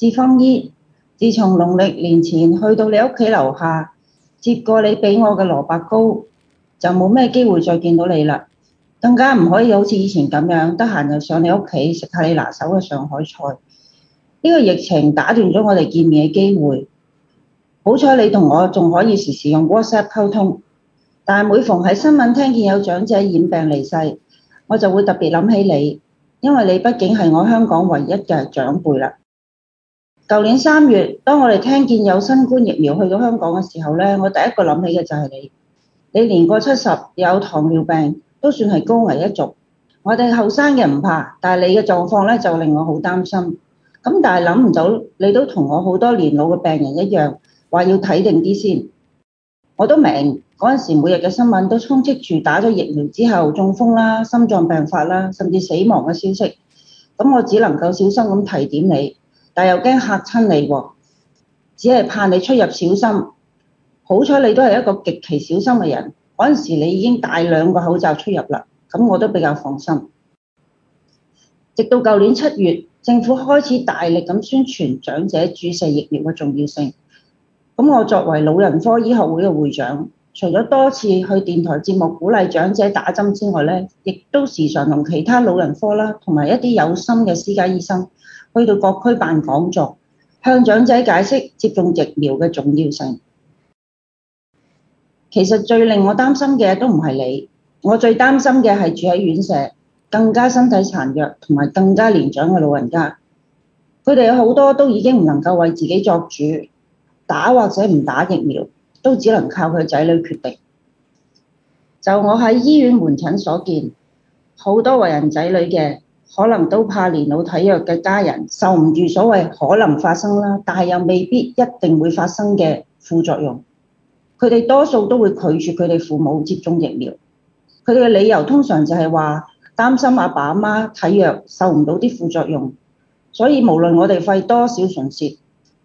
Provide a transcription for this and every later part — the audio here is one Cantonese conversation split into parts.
志芳姨，自從農曆年前去到你屋企樓下接過你俾我嘅蘿蔔糕，就冇咩機會再見到你啦。更加唔可以好似以前咁樣，得閒就上你屋企食下你拿手嘅上海菜。呢個疫情打斷咗我哋見面嘅機會，好彩你同我仲可以時時用 WhatsApp 溝通。但係每逢喺新聞聽見有長者染病離世，我就會特別諗起你，因為你畢竟係我香港唯一嘅長輩啦。舊年三月，當我哋聽見有新冠疫苗去到香港嘅時候咧，我第一個諗起嘅就係你。你年過七十，有糖尿病，都算係高危一族。我哋後生嘅唔怕，但係你嘅狀況咧就令我好擔心。咁但係諗唔到，你都同我好多年老嘅病人一樣，話要睇定啲先。我都明，嗰陣時每日嘅新聞都充斥住打咗疫苗之後中風啦、心臟病發啦，甚至死亡嘅消息。咁我只能夠小心咁提點你。但又驚嚇親你喎，只係怕你出入小心。好彩你都係一個極其小心嘅人，嗰陣時你已經戴兩個口罩出入啦，咁我都比較放心。直到舊年七月，政府開始大力咁宣傳長者注射疫苗嘅重要性，咁我作為老人科醫學會嘅會長，除咗多次去電台節目鼓勵長者打針之外咧，亦都時常同其他老人科啦，同埋一啲有心嘅私家醫生去到各區辦講座，向長者解釋接種疫苗嘅重要性。其實最令我擔心嘅都唔係你，我最擔心嘅係住喺院舍、更加身體殘弱同埋更加年長嘅老人家，佢哋有好多都已經唔能夠為自己作主，打或者唔打疫苗。都只能靠佢仔女決定。就我喺醫院門診所見，好多為人仔女嘅，可能都怕年老體弱嘅家人受唔住所謂可能發生啦，但係又未必一定會發生嘅副作用。佢哋多數都會拒絕佢哋父母接種疫苗。佢哋嘅理由通常就係話擔心阿爸阿媽體弱受唔到啲副作用，所以無論我哋費多少唇舌，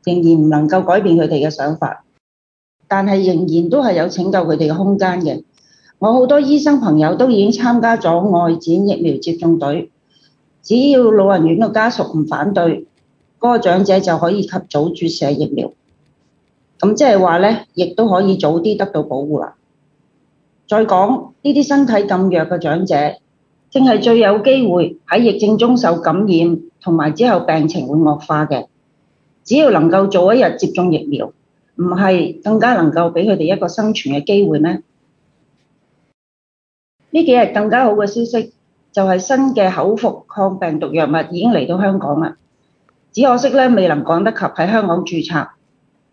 仍然唔能夠改變佢哋嘅想法。但係仍然都係有拯救佢哋嘅空間嘅。我好多醫生朋友都已經參加咗外展疫苗接種隊，只要老人院嘅家屬唔反對，嗰個長者就可以及早注射疫苗。咁即係話呢，亦都可以早啲得到保護啦。再講呢啲身體咁弱嘅長者，正係最有機會喺疫症中受感染，同埋之後病情會惡化嘅。只要能夠早一日接種疫苗。唔係更加能夠俾佢哋一個生存嘅機會咩？呢幾日更加好嘅消息就係新嘅口服抗病毒藥物已經嚟到香港啦。只可惜咧，未能趕得及喺香港註冊。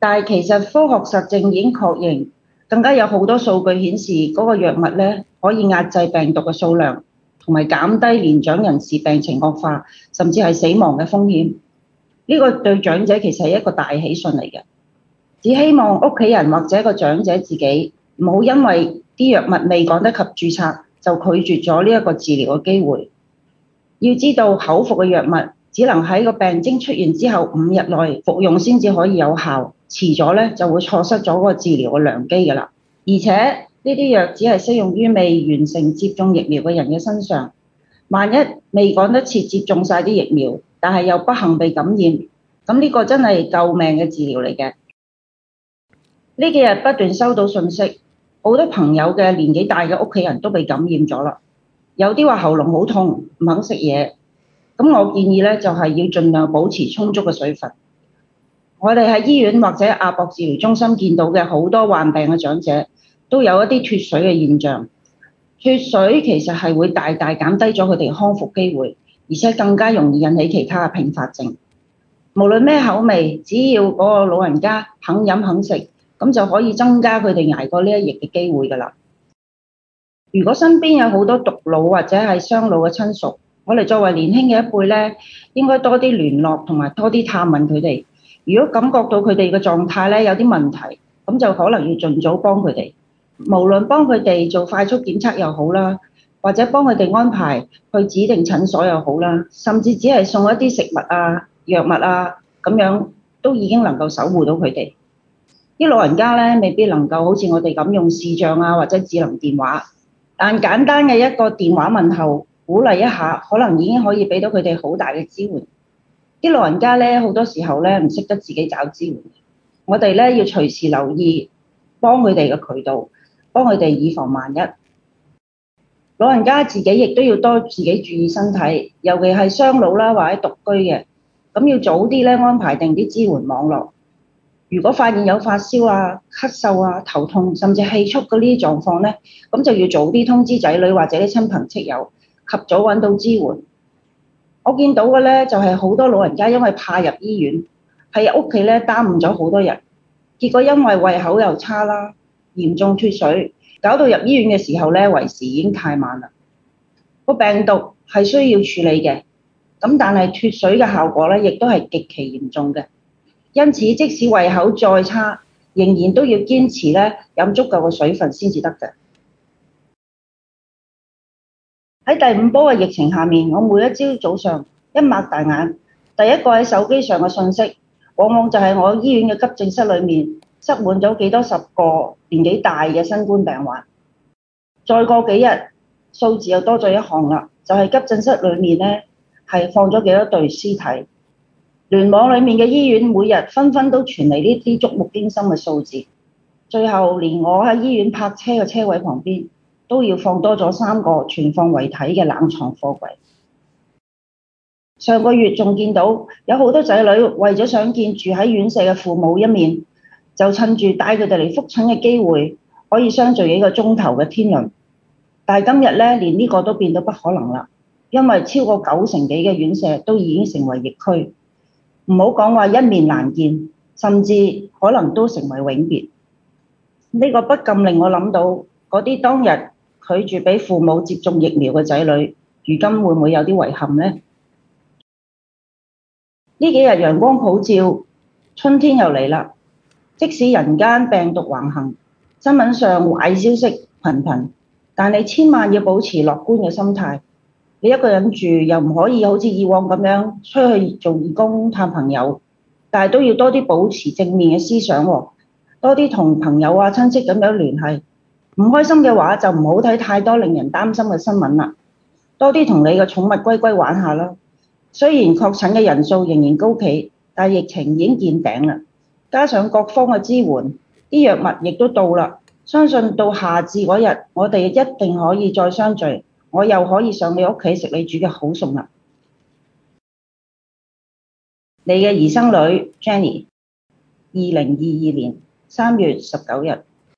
但係其實科學實證已經確認，更加有好多數據顯示嗰個藥物咧可以壓制病毒嘅數量，同埋減低年長人士病情惡化，甚至係死亡嘅風險。呢個對長者其實係一個大喜訊嚟嘅。只希望屋企人或者個長者自己唔好因為啲藥物未趕得及註冊，就拒絕咗呢一個治療嘅機會。要知道口服嘅藥物只能喺個病徵出現之後五日內服用先至可以有效，遲咗咧就會錯失咗嗰個治療嘅良機㗎啦。而且呢啲藥只係適用於未完成接種疫苗嘅人嘅身上。萬一未趕得切接種晒啲疫苗，但係又不幸被感染，咁呢個真係救命嘅治療嚟嘅。呢幾日不斷收到信息，好多朋友嘅年紀大嘅屋企人都被感染咗啦。有啲話喉嚨好痛，唔肯食嘢。咁我建議咧，就係要盡量保持充足嘅水分。我哋喺醫院或者亞博治療中心見到嘅好多患病嘅長者，都有一啲脫水嘅現象。脫水其實係會大大減低咗佢哋康復機會，而且更加容易引起其他嘅併發症。無論咩口味，只要嗰個老人家肯飲肯食，咁就可以增加佢哋捱過呢一役嘅機會㗎啦。如果身邊有好多獨老或者係雙老嘅親屬，我哋作為年輕嘅一輩呢，應該多啲聯絡同埋多啲探問佢哋。如果感覺到佢哋嘅狀態呢，有啲問題，咁就可能要盡早幫佢哋。無論幫佢哋做快速檢測又好啦，或者幫佢哋安排去指定診所又好啦，甚至只係送一啲食物啊、藥物啊咁樣，都已經能夠守護到佢哋。啲老人家咧，未必能夠好似我哋咁用視像啊，或者智能電話，但簡單嘅一個電話問候，鼓勵一下，可能已經可以俾到佢哋好大嘅支援。啲老人家咧，好多時候咧唔識得自己找支援，我哋咧要隨時留意，幫佢哋嘅渠道，幫佢哋以防萬一。老人家自己亦都要多自己注意身體，尤其係雙老啦或者獨居嘅，咁要早啲咧安排定啲支援網絡。如果發現有發燒啊、咳嗽啊、頭痛，甚至氣促呢啲狀況咧，咁就要早啲通知仔女或者親朋戚友，及早揾到支援。我見到嘅咧就係、是、好多老人家因為怕入醫院，喺屋企咧耽誤咗好多人，結果因為胃口又差啦，嚴重脫水，搞到入醫院嘅時候咧為時已經太晚啦。個病毒係需要處理嘅，咁但係脫水嘅效果咧亦都係極其嚴重嘅。因此，即使胃口再差，仍然都要堅持呢飲足夠嘅水分先至得嘅。喺第五波嘅疫情下面，我每一朝早上一擘大眼，第一個喺手機上嘅信息，往往就係我醫院嘅急症室裏面塞滿咗幾多十個年紀大嘅新冠病患。再過幾日，數字又多咗一項啦，就係急症室裏面呢，係放咗幾多對屍體。聯網裡面嘅醫院，每日紛紛都傳嚟呢啲觸目驚心嘅數字。最後，連我喺醫院泊車嘅車位旁邊都要放多咗三個存放遺體嘅冷藏貨櫃。上個月仲見到有好多仔女為咗想見住喺院舍嘅父母一面，就趁住帶佢哋嚟覆診嘅機會，可以相聚幾個鐘頭嘅天倫。但係今日咧，連呢個都變到不可能啦，因為超過九成幾嘅院舍都已經成為疫區。唔好講話一面難見，甚至可能都成為永別。呢個不禁令我諗到嗰啲當日拒絕畀父母接種疫苗嘅仔女，如今會唔會有啲遺憾呢？呢幾日陽光普照，春天又嚟啦。即使人間病毒橫行，新聞上壞消息頻頻，但你千萬要保持樂觀嘅心態。你一個人住又唔可以好似以往咁樣出去做義工探朋友，但係都要多啲保持正面嘅思想喎、哦，多啲同朋友啊親戚咁樣聯繫。唔開心嘅話就唔好睇太多令人擔心嘅新聞啦，多啲同你嘅寵物龜龜玩下啦。雖然確診嘅人數仍然高企，但疫情已經見頂啦。加上各方嘅支援，啲藥物亦都到啦，相信到夏至嗰日，我哋一定可以再相聚。我又可以上你屋企食你煮嘅好餸啦！你嘅姨甥女 Jenny，二零二二年三月十九日。